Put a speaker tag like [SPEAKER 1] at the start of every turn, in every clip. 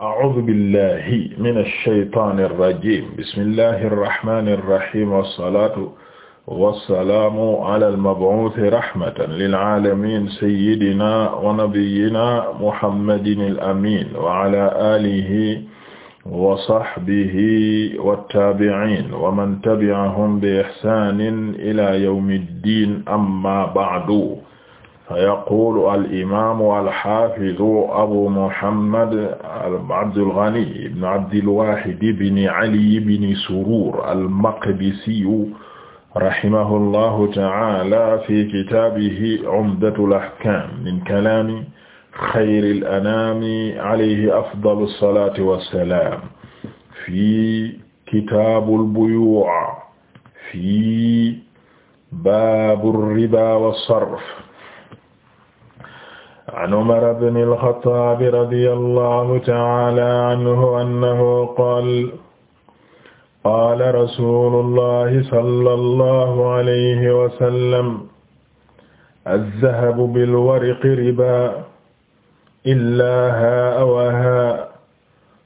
[SPEAKER 1] a'uuzu billahi mina shaytaani rajiim bismillahi rahmaani rahiim wassalaatu wassalaamu alal mab'uusi rahmatan lil aalamiin sayyidinaa wa nabiyyinaa muhammadinil amiin wa alaa aalihi wa sahbihi wattaabi'iin wa man tabi'ahum bi ihsaanin ilaa yawmid diin amma ba'du فيقول الإمام الحافظ أبو محمد عبد الغني بن عبد الواحد بن علي بن سرور المقدسي رحمه الله تعالى في كتابه عمدة الأحكام من كلام خير الأنام عليه أفضل الصلاة والسلام في كتاب البيوع في باب الربا والصرف an Umar ibn al-Khattab radiyallahu ta'ala anhu annahu qaala qaala rasuulullahi sallallahu alayhi wa sallam az-zahabu bil-waraqi ribaa illaa haa wa haa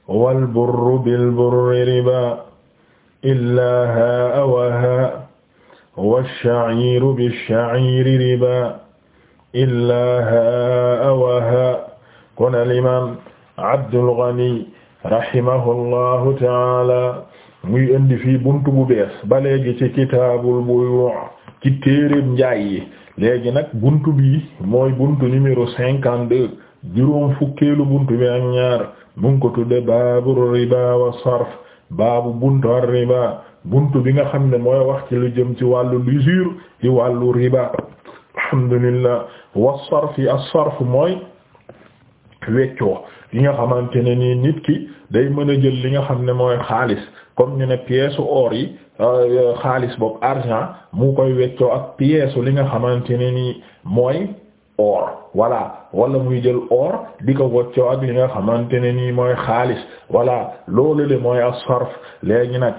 [SPEAKER 1] wal-burru bil-burri ribaa illaa haa wa haa wash-sha'iiru bish-sha'iiri ribaa illaa haa wa haa kon al-imaam Abdul Ghani rahimahullahu taala muy indi fii buntu bu bees ba léegi ci kitaabul buyu' ci téereeb njaay yi léegi nag buntu bi mooy buntu numéro cinquante deux juróom fukkeelu buntu bi ak ñaar mu ngi ko tudde baabu riba wa sarf baabu buntu ar riba buntu bi nga xam ne mooy wax ci lu jëm ci wàllu l'usure ci wàllu riba alhamdulillah wa sarfi ak sarf mooy weccoo li nga xamante ne nii nit ki day mën a jël li nga xam ne mooy xaalis comme ñu ne pièce or yi euh, xaalis boobu argent mu koy weccoo ak pièce li nga xamante ne nii mooy or wala muy jël or di ko weccoo ak li nga xamante ne nii mooy xaalis voilà loolu le mooy as-sarf léegi nag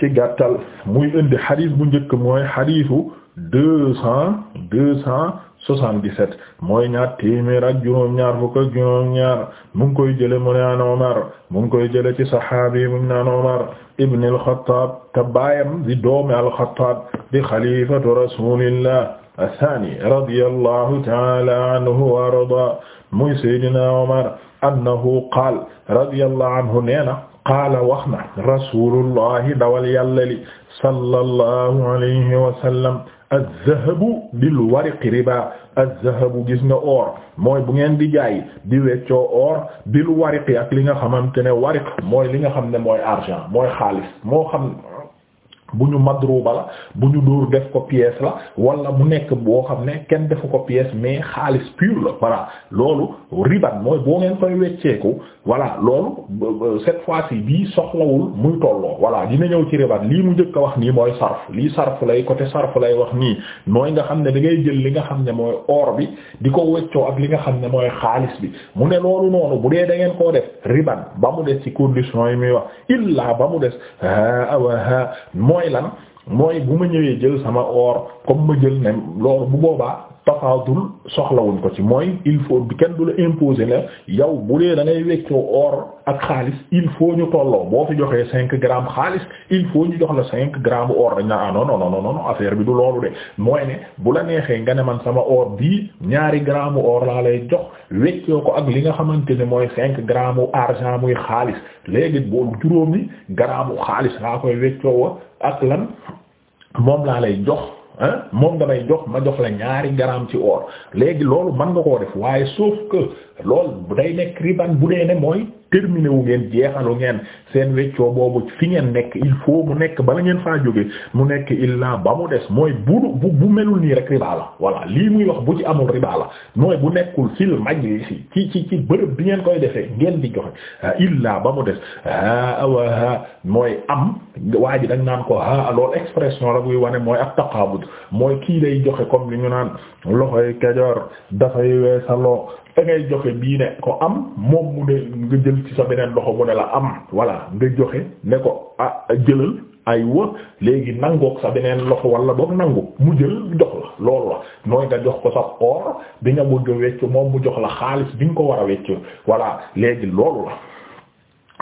[SPEAKER 1] ci gàttal muy indi xadiis bu njëkk mooy xadiisu deux cent 77 mooy ñaar téeméer ak juróom-ñaar fukk ak juróom-ñaar mu ngi koy jële mu ne an Umar mu ngi koy jële ci saxaabi mu naan Umar ibn al-Khattab te baayam di doomi al-Khattab di xalifatu rasulillah athani radiyallahu ta'ala anhu wa arda muy Seydina Umar annahu qaal radiyallahu anhu neena qaala wax na rasulullahi dawal yàlla li sallallahu alayhi wa sallam az-zahabu bil wariqi riba az-zahabu gis nga or mooy bu ngeen di jaay di weccoo or bil wariqi ak li nga xamante ne wariq mooy li nga xam ne mooy argent mooy xaalis moo xam bu ñu madruba la bu ñu dóor def ko pièce la wala mu nekk boo xam ne kenn defu ko pièce mais xaalis pur la voilà loolu riban mooy boo ngeen koy wecceeku voilà loolu euh, cette fois-ci bii soxlawul muy tolloo voilà dina ñëw ci riban lii mu njëkk wax nii mooy sarf lii sarf lay côté sarf lay wax nii mooy nga xam ne da ngay jël li nga xam ne mooy oor bi di ko weccoo ak li nga xam ne mooy xaalis bi mu ne loolu noonu bu dee da ngeen koo def riban ba mu des ci condition yi muy wax illa ba mu des mooy lan mooy bu ma ñëwee jël sama or comme ma jël ne loolu bu boobaa tafaadul soxlawuñ ko ci mooy il faut bi kenn du la imposer ne yow bu dee da ngay weccoo or ak xaalis il faut ñu tolloo boo fi joxee cinq gramme xaalis il faut ñu jox la cinq grammes or dañ ah, affaire bi du loolu de mooy bu la neexee nga ne man sama or ñaari grammes or laa lay jox weccoo ko ak li nga xamante ne mooy cinq grammes argent muy xaalis léegi boo juróomi grammes xaalis laa koy weccoo wa ak lan moom laa lay jox. moom nga may jox ma jox la ñaari garaam ci or léegi loolu mën nga koo def waaye sauf que loolu day nekk riban bu dee ne mooy terminé wu ngeen jeexalu ngeen seen weccoo boobu fi ngeen nekk il faut mu nekk bala ngeen faa jóge mu nekk illaa ba mu des mooy bu bu bu melul nii rek riba la voilà lii muy wax bu ci amul riba la mooy bu nekkul fil majlisi ci ci ci bërëb bi ngeen koy defee ngeen di joxe ah, illaa ba mu des awa ah, mooy am waa ji dañ naan ko a loolu expression la buy wane mooy ab taqabud mooy kii day joxe comme li ñu naan loxoy kajoor dafay weesaloo da ko am moom mu ne nga ci sa beneen loxo mu ne la am voilà nga joxe ne ko ah jëlal ay wa léegi nangook sa beneen loxo walla boog nangu mu jël jox la loolu la nooy nga jox ko sa or bi nga mujj wecc moom mu jox la xaalis bi nga ko war a wecc voilà léegi loolu la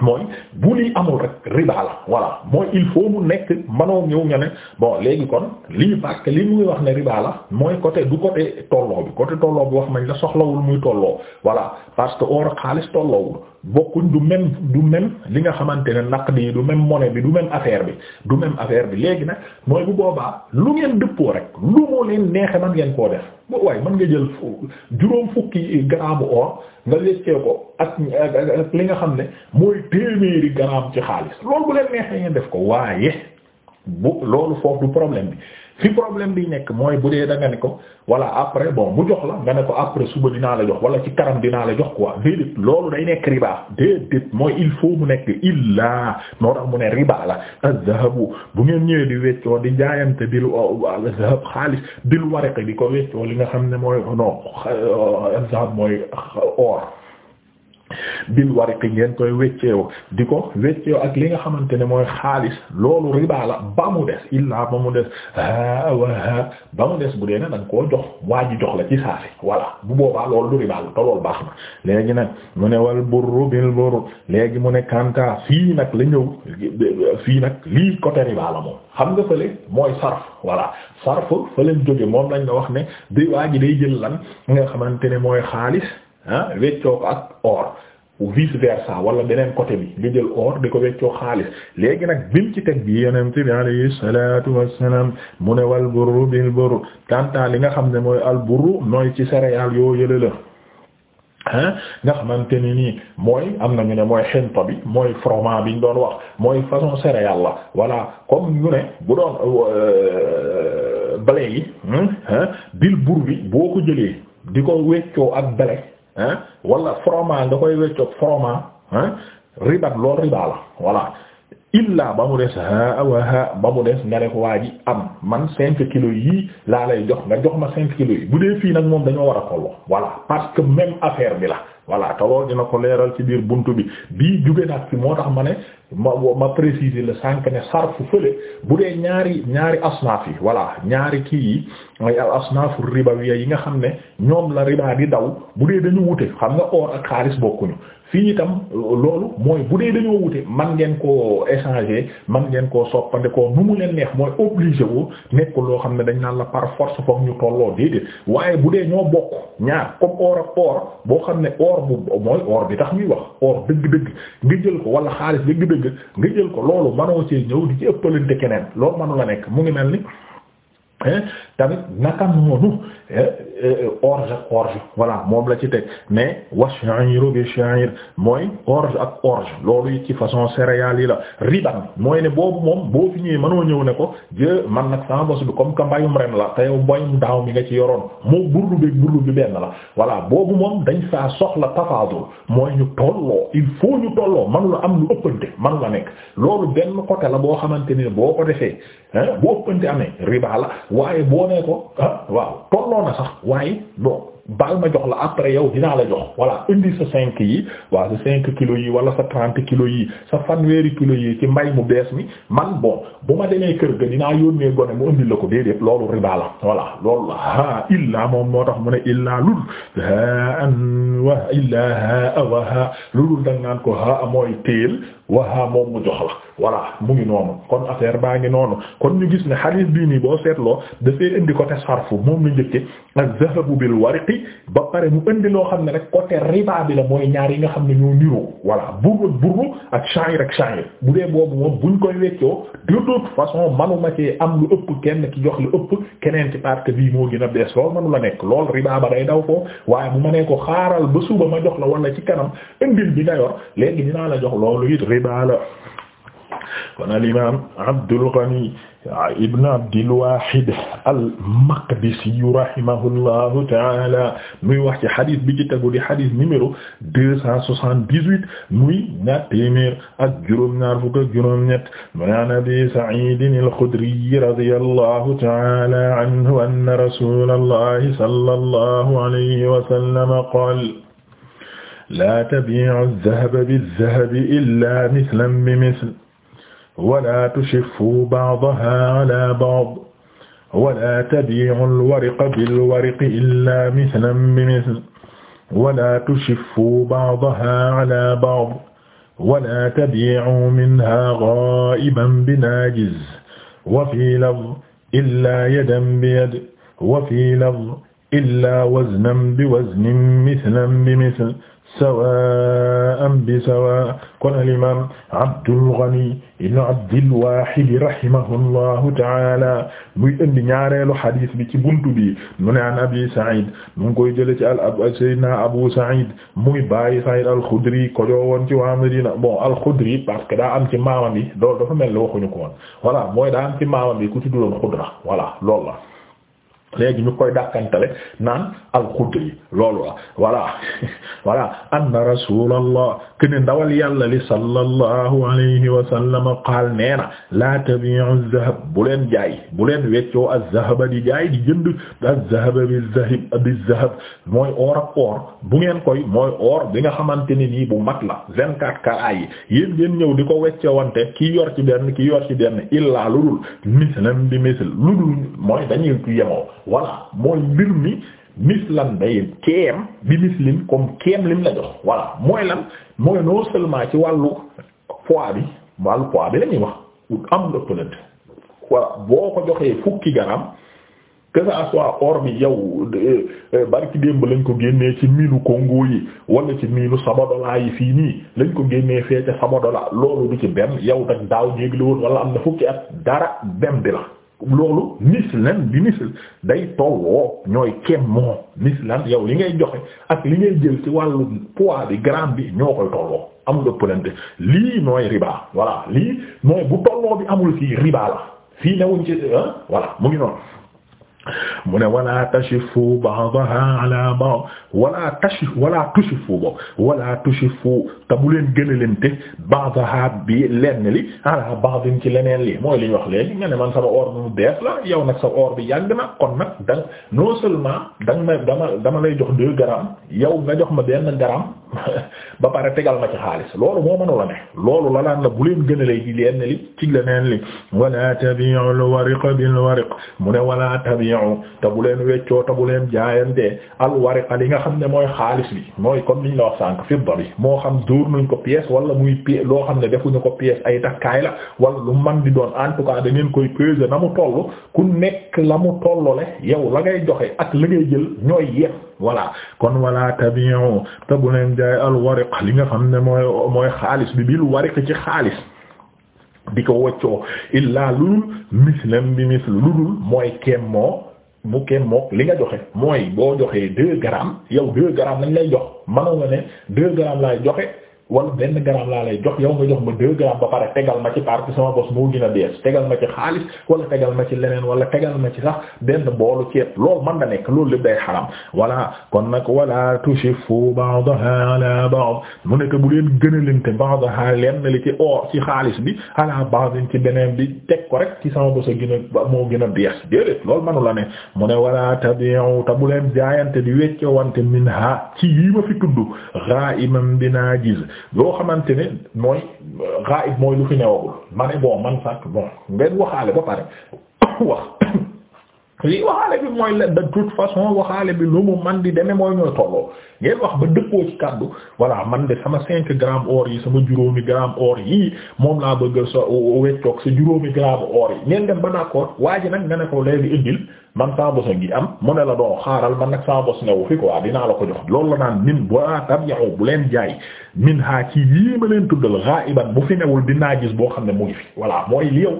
[SPEAKER 1] mooy bu lii amul rek riba la voilà mooy il faut mu nekk manoo ñëw nga ne bon léegi kon lii parce que lii muy wax ne riba la mooy côté du côté tolloo bi côté tolloo bi wax nañ la soxlawul muy tolloo voilà parce que or xaalis tolloowul bokkuñ du même du même li nga xamante ne naqd yi du même monnaie bi du même affaire bi du même affaire bi léegi nag mooy bu boobaa lu ngeen dëppoo rek lu moo leen neexe man ngeen koo def bo waaye mën nga jël juróom fukki gramme or nga lekkee ko ak li nga xam ne mooy téeméeri gramme ci xaalis loolu bu leen neexee ngeen def ko waaye bu loolu foofu du problème bi fi problème bi nekk mooy bu dee da nga ne ko voilà après bon mu jox la nga ne ko après suba dinaa la jox wala ci karam dinaa la jox quoi déedéet loolu day nekk ribaa déedéet mooy il faut mu nekk illaa noo tax mu ne riba la az-zahabu bu ngeen ñëwee di weccoo di jaayante bil oh, zahab xaalis bil waraq di ko weccoo li nga xam ne mooy non euh, zahab mooy or bil wariqi ngeen koy wécceewoo di ko wécceewoo ak li nga xamante ne mooy xaalis loolu riba la ba mu des illaa ba mu des haa wa haa ba mu des bu dee ne nag nga koo jox waa ji jox la ci saasi voilà bu boobaa loolu du riba la te loolu baax na léegi nag mu ne wal burru bil burru léegi mu ne kanta fii nag la ñëw fii nag lii côté riba la moom xam nga fële mooy sarf voilà sarf fa leen moom lañ la wax ne bi waa ji day jël lan li nga xamante ne mooy xaalis ah weccoo ko ak or vice versa wala beneen côté bi nga jël or di ko weccoo xaalis léegi nag bim ci teg bi yonent bi alayhi salaatu wassalaam mu ne wal burru bil burru tanta li nga xam ne mooy al burru nooy ci céréales yoo yële la ah nga xamante ni nii mooy am na ñu ne mooy xinto bi mooy froment bi ñu doon wax mooy façon céréale la voilà comme ñu ne bu doon euh, blé yi bil bi boo ko jëlee di ko weccoo ak blé. ah wala froment nga koy weccoog froment ah ribat loolu riba la voilà illa ba mu des ha wa ha ba mu des nga ne waa ji am man cinq kilos yii laa lay jox nga jox ma cinq kilos yi bu dee fii nag moom dañoo war a tolloo voilà parce que même affaire bi la voilà te loolu dina ko leeral ci biir bunt bi bii jóge nag fi moo tax ma ne ma ma préciser le sànq ne sarfu fële bu dee ñaari ñaari asnaaf yi voilà ñaari kii yi mooy al asnaafu ribawiya yi nga xam ne ñoom la riba di daw bu dee dañu wute xam nga or ak xaalis bokkuñu fii itam loolu mooy bu dee dañoo wute man ngeen koo échanger man ngeen ko soppandikoo nu mu leen neex mooy obligé wu nekkul loo xam ne dañ naan la par force foog ñu tolloo déedéet waaye bu dee ñoo bokk ñaar comme or ak or boo xam ne or bu mooy or bi tax muy wax or dëgg-dëgg nga jël ko wala xaalis dëgg-dëgg nga jël ko loolu manoo cee ñëw di ci ëppalante keneen loo manu la nekk mu ngi mel ni tamit naka noonu eh, eh, orge ak orge voilà moom la ci teg mais wa sha'iru bi sha'ir mooy orge ak orge loolu yi ci façon céréales yi la riban mooy ne boobu moom boo fi ñëwee mënoo ñëw ne ko man nag sama bos bi comme que mbayum ren la te yow mbayum daaw mi nga ci yoroon moo burdu bi burdu bi benn la voilà boobu moom dañ saa soxla tafaadul mooy ñu tolloo il faut ñu tolloo manu la am lu ëppante manu la nekk loolu benn côté la boo xamante ne boo ko defee boo ëppante amee riba la waaye ne ko ah waaw tolloo na sax waaye bon baal ma jox la après yow dinaa la jox voilà indi sa cinq yi waaw sa cinq kilos yi wala sa trent kilos yi sa fanweeri kilos yi ci mbay mu bees mi man bon bu ma demee kër ga dinaa yónnee gone mu indi la ko déedéet loolu riba la voilà loolu la ha illaa moom moo tax mu ne illaa lul ha an wa illaa ha wa ha lulul da naan ko ha mooy teel wa ha moom mu jox la voilà mu ngi noonu kon affaire baa ngi noonu kon ñu gis ne hadith bii nii boo seetloo dafay indi côté sarfu moom la njëkke bi ba pare mu indi loo xam ne rek côté riba bi la mooy ñaar yi nga xam ne ñoo niroo voilà burru burru ak sha'ir ak sha'ir bu dee boobu moom buñ koy weccoo de toute façon manuma ci am lu ëpp kenn ki jox lu ëpp keneen ci parce que bii moo gën a bees loolu manu la nekk lool riba ba day daw ko waaye bu ma nee ko xaaral ba suba ma jox la wala ci kanam indil bi nga yor léegi dinaa la jox loolu it riba la kon al imam Abdul Ah, ibnu abdilwahid almaqdisiyu rahimahullahu taala muy wax ci xadis bi ci tegu di xadis numéro deux cent soixante-dix-huit muy ñaar téeméer ak juróom-ñaar fukk ak juróom-ñett mu naan abi saidin alxudriyi radiyallahu taala anhu anna rasulallahi sallallahu alayhi wa sallam qaala laa tabii'u az-zahaba biz-zahabi illaa mislan bi misl wala tushiffu ba'daha ala ba'd wala tabi'u al-warqa bil-warqi illa mithlan bi mithl wala tushiffu ba'daha ala ba'd wala tabi'u minha gha'iban bi-naajiz wa fi lafz illa yadan bi-yad wa fi lafz illa waznan bi-waznin mithlan bi mithl sawaa'an bi sawaa' kon al-imaam Abdul Ghani ibn Abdil Waahid rahimahullahu ta'aala muy indi ñaareelu xadis bi ci buntu bi mu ne an Abi Sa'iid mu ngi koy jëlee ci al ab Seydina Abu Sa'iid muy bàyyi Sa'iid al-Khudri ko joowoon ci waa Madina bon al-Khudri parce que daa am ci maamam bi loolu dafa mel ni waxuñu ko woon mooy daa am ci maamam bi ku ci dul Khudra léegi ñu koy dàkkantale naan al-Xudri loolu la voilà voilà anna rasulallah kene ndawal yàlla li sallallahu alayhi wa sallam qaal nee na la tabi'u zahab bu leen jaay bu leen weccoo az-zahaba di jaay di jënd az-zahaba bi-zahab bi mooy or ak or bu ngeen koy mooy or bi nga xamante ni nii bu mag la vingt-quatre carats yi ngeen ñëw di ko wante kii yor ci benn ki yor ci benn illaa ludul mislan bi misl ludul mooy dañuy yemoo voilà mooy mbir mi mislan day keem bi mislin comme keem lim la jox voilà mooy lan mooy non seulement ci wàllu poids bi wàllu poids bi la ñuy wax am nga pëlënt voilà boo ko joxee fukki garam que ça soit or bi yow euh, euh, barki démb lañ ko génnee ci miinu Congo yi wala ci miinu Sabadola yi fii nii lañ ko génnee fee ca Sabadola loolu du ci benn yow nag daaw jéeg la woon wala am na fukki at dara benn bi la loolu mislan bi misl day tolloo ñooy kemmoo mislan yow li ngay joxe ak li ngay jël ci wàllu poids bi gramme bi ñoo koy tolloo amul ëppalante lii mooy riba voilà lii mooy bu tolloo bi amul fii riba la fii newuñ ci ah voilà mu ngi noonu mu ne wala tashifu ba'daha ala ba'd wala tashif wala tushifu boobu wala tushifu te bu leen gënalante ba'daha bi lenn li ala ba'din ci leneen li mooy li ñu wax léegi nga ne man sama or bu bees la yow nag sa or bi yàgg na kon nag da non seulement da nga ma dama dama lay jox deux grammes yow nga jox ma benn gramme ba pare tegal ma ci xaalis loolu moo mënu la ne loolu la laan la bu leen gënalee ci lenn li ci leneen li wala tabi'u al-wariq bil-wariq mu ne wala tabi'u tabi'u te leen weccoo te bu leen jaayante alwariqa li nga xam ne mooy xaalis bi mooy comme niñ la wax sànq fidda bi moo xam dóor nañ ko pièce wala muy pièce loo xam ne defuñu ko pièce ay takkaay la wala lu man di doon en tout cas da ngeen koy peser na mu toll ku nekk la mu tollole yow la ngay joxe ak la ngay jël ñooy yépp voilà kon wala tabi'u te bu leen jaay alwariq li nga xam ne mooy mooy xaalis bi bil wariq ci xaalis di ko woccoo illaa ludul mislam bi misl ludul mooy keem moo mu keem mook li nga joxe mooy boo joxee deux grammes yow deux grammes lañ lay jox mënoon nga ne deux grammes laay joxe wan benn gramme laa lay jox yow nga jox ma deux grammes ba pare tegal ma ci partie sama bos moo gën a bees tegal ma ci xaalis wala tegal ma ci leneen wala tegal ma ci sax benn boolu ceeb loolu man na nekk loolu lépp day xaram wala kon nag wala tushifu ba'daha ala ba'd mu nekk bu leen gënalante ba'daha lenn li ci or ci xaalis bi ala ba'din ci beneen bi teg ko rek ci sama bos a gën a moo gën a bees déedéet loolu manu la ne mu ne wala tabi'u te bu leen jaayante di wecce wante minha ci yi ma fi tudd gha'iman loo xamante ne mooy ghaib mooy lu fi newagul ma ne bon man sax bon ngeen waxaale ba pare wax lii waxaale bi mooy la de toute façon waxaale bi lu mu man di demee mooy ñooy tolloo ngeen wax ba dëppoo ci kàddu voilà man de sama cinq grammes or yi sama juróomi grammes or yi moom naa bëgg sa weccoog sa juróomi grammes or yi ngeen dem ba d'accord waa ji nag nga ne ko léegi indil man saa bos a ngi am mu ne la doon xaaral man nag saa bos newu fi quoi dinaa la ko jox loolu la naan min ba tam yaxu bu leen jaay min haa ci yii ma leen tuddal ghaiban bu fi newul dinaa gis boo xam ne mu ngi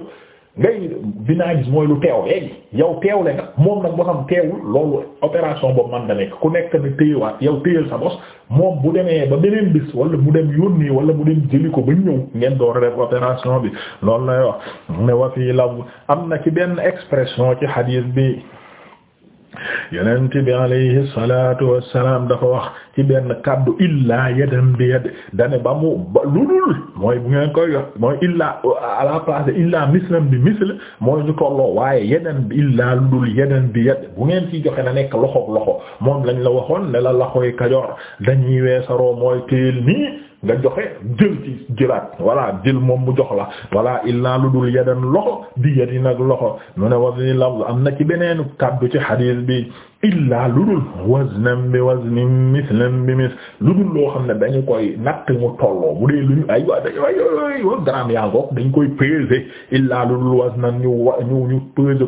[SPEAKER 1] ngay binaagis mooy lu teew léegi yow teewle nga moom nag boo xam teewul loolu opération boobu man da nekk ku nekk na téyewaat yow téyal sa bos moom bu demee ba beneen bis wala mu dem yónnee wala mu dem jëli ko ba ñëw ngeen door def opération bi loolu lay wax ne wa fii law am na ci benn expression ci hadith bi yonent bi alayhi salaatu wassalaam dafa wax ci benn kàddu illaa yadam bi yad dane ba mu ba lulul mooy bu ngeen koy yor mooy illaa à la place illaa mislam bi misl mooy ñu tolloo waaye yadam bi illaa ludul yadam bi yad bu ngeen ciy joxe na nekk loxoog loxo moom lañu la waxoon ne la loxo kajoor dañuy weesaroo mooy téel nii nga joxe jël ci jëlaat voilà jël moom mu jox la voilà illaa lu dul yadan loxo di yati nag loxo mu ne wasini lafz am na ci beneen kàddu ci xadiis bi illaa lu dul waznan loo xam ne dañu koy natt mu tolloo bu dee lu ñu ay dañu ay wa gramme yaa ngoog dañ koy peser illaa lu dul waznan ñu wa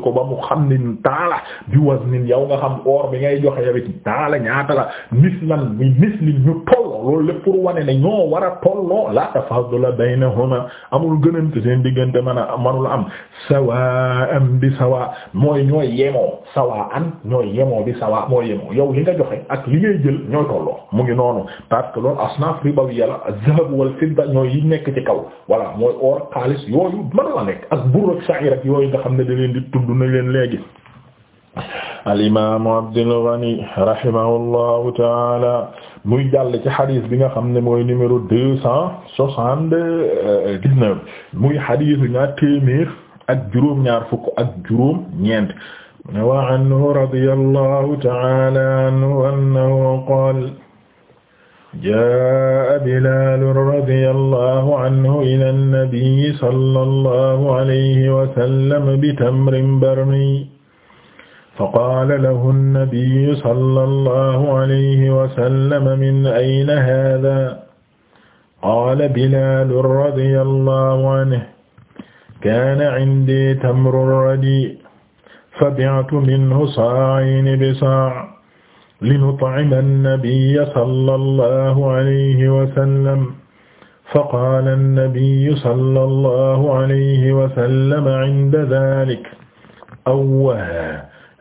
[SPEAKER 1] ko ba mu xam ni taala bi waznin yow nga xam or bi ngay joxe yow taala ñaata la mislan bi mislin ñu tolloo loolu lépp pour wane ne ñoo war a tolloo la tafadula baynahuma amul gënante seen diggante man a manula am sawa'an bi sawa mooy ñooy yemoo sawa'an ñooy yemoo yamoo bi sawa moo yemoo yow li nga joxe ak li ngay jël ñooy tolloo mu ngi noonu parce que loolu asnaf ribawiya la az wa wal fidda ñooy yi nekk ci kaw voilà mooy or xaalis yooyu mën la nekk ak burr ak sha'ir ak yooyu nga xam ne da leen di tudd na leen léegi al imaamu Abdul Ghani rahimahullahu taala muy jàll ci xadis bi nga xam ne mooy numéro deux cent soixante-dix-neuf muy xadisu ñaar téeméer ak juróom-ñaar fukk ak juróom ñeent ne wa anhu radiyallahu ta'ala anhu annahu qaala jaa'a Bilaalun radiyallahu anhu ilaa nabiyyi sallallahu alayhi wa sallam bitamrin barmi faqaala lahu nabiyyu sallallahu alayhi wa sallam min ayna haadhaa qaala Bilaalun radiyallahu anhu kaana cindii tamrun radii فبعت منه صاعين بصاع لنطعم النبي صلى الله عليه وسلم فقال النبي صلى الله عليه وسلم عند ذلك أوه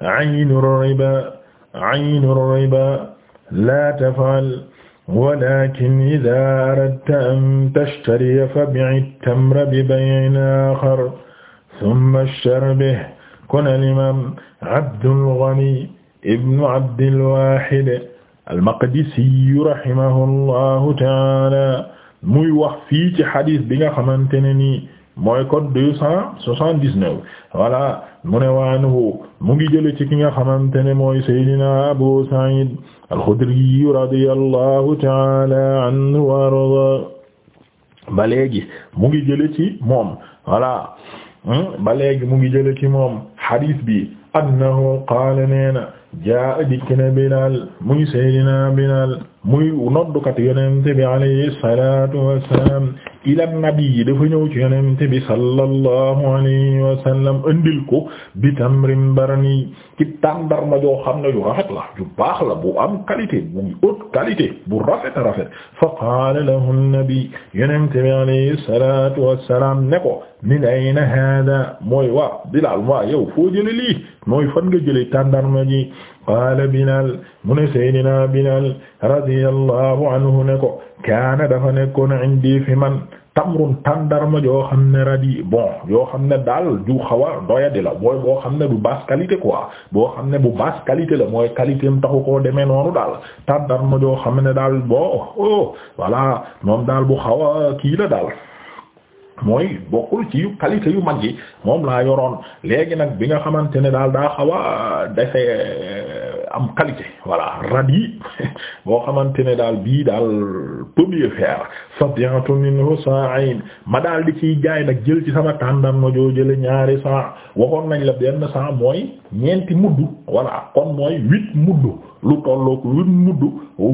[SPEAKER 1] عين الربا عين الربا لا تفعل ولكن إذا أردت أن تشتري فبع التمر ببيع آخر ثم اشتر به kon alimam Abdul Ghani ibnu Abdil Wahid al-Maqdisi rahimahullahu taala muy wax fii ci xadis bi nga xamante ne nii mooy code deux cent soixante-dix-neuf mu ne waanhu mu ngi jële ci ki nga xamante ne mooy Seydina Abu Sa'id al-Khudri radiyallahu taala anhu wa arda mu ngi jële ci moom voilà hmm, ba mu ngi jële ci moom xadis bi annahu qaala nee na jaa dikk na Bilaal muy Seydina Bilaal muy noddukat yonente bi alayhi salaatu wassalaam ila nabi dafa ñëw ci yonent bi sallallahu alayhi wa sallam andil ko bi tamrim barani ci tàndarma joo xam ne yu rafet la yu baax la bu am qualité bu haute qualité bu rafet rafet fa qaala lahu nabi yonent bi alayhi salaatu wassalaam ne ko min ayna hada mooy waa Bilaal waa yow foo jële lii mooy fan nga jële tàndarma ji qaala Bilaal mu ne Seydina Bilaal radiyallahu anhu ne ko kaana dafa nekkoon indi fi man tamrun tàndarma yoo xam ne radi bon yoo xam ne daal ju xaw a doyadi boo xam ne du basse qualité ko boo xam ne bu basse qualité la mooy qualité am taxu koo demee noonu daal tàndarma joo xam ne daal bon oh voilà moom daal bu xaw a kii la daal. mooy bokkul ci yu qualité yu mag yi moom laa yoroon léegi nag bi nga xamante ne daal daa xaw a defe am qualité voilà radi boo xamante ne daal bii daal premier fer fabiatu minhu sa'ayn ma daal di ciy jaay nag jël ci sama tàndan ma joo jële ñaari saa waxoon nañ la benn saa mooy ñeenti mudd voilà kon mooy huit mudd lu tollook huit mudd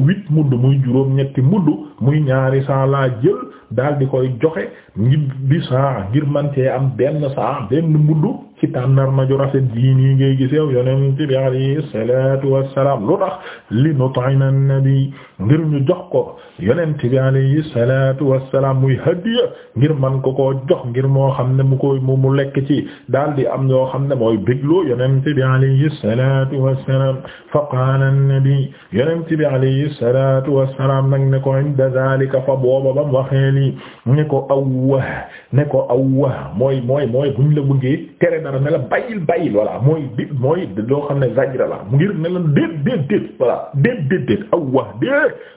[SPEAKER 1] huit mudd muy juróom ñetti mudd muy ñaari saa laa jël daal di koy joxe ngir bi saa ngir man cee am benn saa benn mudd ci tànnar ma ju rafet ji nii ngay gis yow yonent bi alayhi salaatu wassalaam lu tax li nut'ina nabi ngir ñu jox ko yonent bi alayhi salaatu wassalaam muy hadiya ngir man ko koo jox ngir moo xam ne mu koy mu mu lekk ci daal di am yoo xam ne mooy bégloo yonent bi alayhi salaatu wassalaam fa qaala nabi yonent bi alayhi salaatu wassalaam nag ne ko inda zaalika fa booba bam waxee ne ko awwa ne ko awwa mooy mooy mooy la bëggee tere na ne la bàyyil bàyyil voilà mooy di mooy doo xam ne zajra la mu ngir ne la déet déet déet voilà déet déet aw wax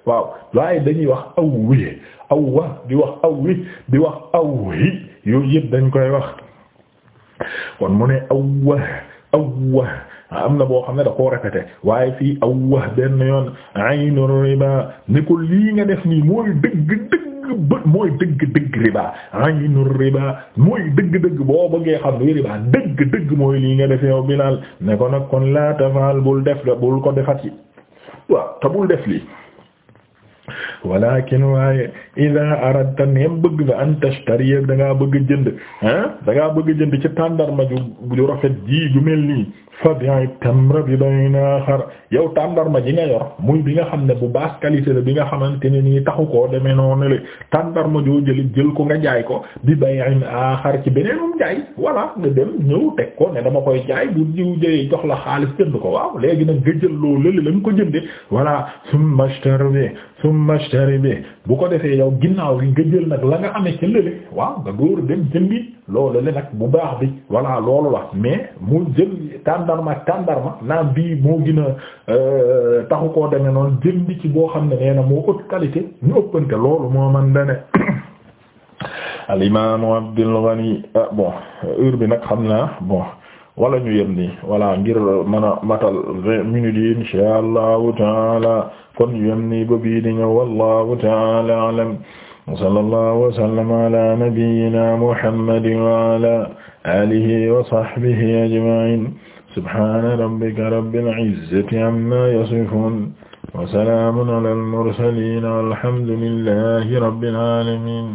[SPEAKER 1] waaw waaye dañuy wax aw wi di wax aw wi di wax aw yëpp dañ koy wax kon mu ne aw wax am na boo xam ne da koo répété waaye fii aw benn yoon aynu riba ni ko lii nga def nii mooy dëgg dëgg ñu mooy dëgg-dëgg riba aynu riba mooy dëgg-dëgg boo bëggee xam li riba dëgg-dëgg mooy lii nga def yow Bilaal ne ko nag kon laa tafaal bul def la bul ko defat yi waaw te bul def lii walakin waaye ida aradta neem bëgg nga an tashtariya da ngaa bëgg jënd ah da ngaa bëgg jënd ci tàndarma ju ju rafet ji ju mel nii fabi'i tamra bi bayna xar yow tàndarma ji nga yor muy bi nga xam ne bu basse qualité la bi nga xamante ne nii taxu koo demee noonu le tàndarma joo jëli jël ko nga jaay ko bi bay'in axar ci beneenum jaay voilà nga dem ñëw teg ko ne dama koy jaay bu jiw jëyee jox la xaalis jënd ko waaw léegi nag nga jël loolu la ko jënde voilà summa ashtari bi summa ashtari bi bu ko defee yow ginnaaw gi nga jël nag la nga amee ca lële waaw nga dóor dem jëndi loolu la nag bu baax bi voilà loolu la mais mu jël tàndarma ak tàndarma naan bii moo gën a euh, taxu koo demee noonu jëndi ci boo xam ne nee na moo haute qualité ñu ëppante loolu moo man da ne al imaamu Abdul Ghani ah, bon heure bi nag xam naa bon wala ñu yem ni wala ngir mën a matal vingt minutes yi insha allahu taala kon ñu yem ni ba bii di ñëw wallahu taala alam wa sallallahu wa sallama ala nabiyyina muhammadin wa ala alihi wa sahbihi ajma'in subhana rabbika rabbil izzati amma yasifun wa salamun ala al mursalin walhamdulillahi rabbil alamin